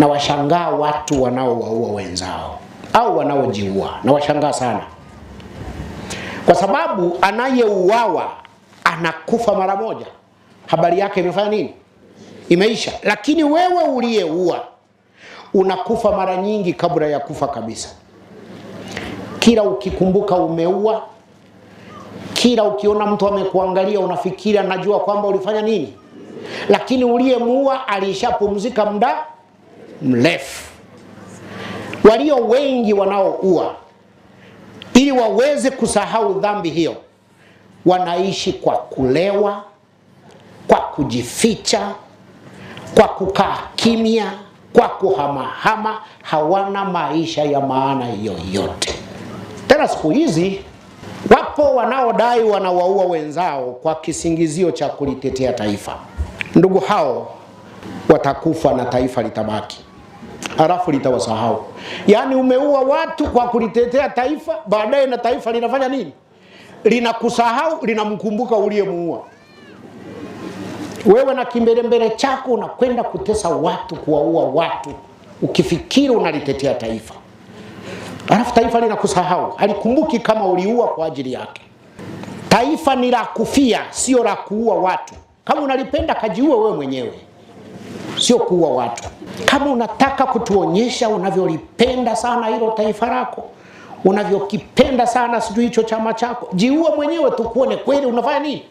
na washangaa watu wanaowaua wenzao au wanaojiua, na washangaa sana, kwa sababu anayeuawa anakufa mara moja, habari yake imefanya nini? Imeisha. Lakini wewe uliyeua unakufa mara nyingi kabla ya kufa kabisa. Kila ukikumbuka umeua, kila ukiona mtu amekuangalia unafikiri anajua kwamba ulifanya nini, lakini uliyemuua alishapumzika muda mrefu. Walio wengi wanaoua ili waweze kusahau dhambi hiyo, wanaishi kwa kulewa, kwa kujificha, kwa kukaa kimya, kwa kuhamahama. Hawana maisha ya maana yoyote. Tena siku hizi wapo wanaodai wanawaua wenzao kwa kisingizio cha kulitetea taifa. Ndugu hao watakufa na taifa litabaki halafu litawasahau. Yaani umeua watu kwa kulitetea taifa, baadaye na taifa linafanya nini? Linakusahau, linamkumbuka uliyemuua. Wewe na kimbelembele chako unakwenda kutesa watu, kuwaua watu, ukifikiri unalitetea taifa, halafu taifa linakusahau, halikumbuki kama uliua kwa ajili yake. Taifa ni la kufia, sio la kuua watu. Kama unalipenda kajiue wewe mwenyewe sio kuua watu. Kama unataka kutuonyesha unavyolipenda sana hilo taifa lako, unavyokipenda sana sijui hicho chama chako, jiua mwenyewe tukuone kweli unafanya nini.